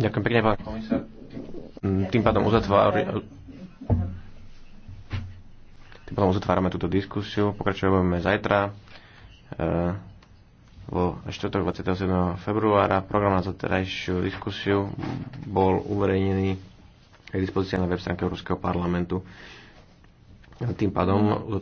Ďakujem pekne, pán komisár. Mm, tým pádom uzatvárame tým pádom uzatvárame túto diskusiu. Pokračujeme zajtra eh, vo štvrtok 27. februára. Program na zaterajšiu diskusiu bol uverejnený k dispozícii na web stránke Európskeho parlamentu. Tým pádom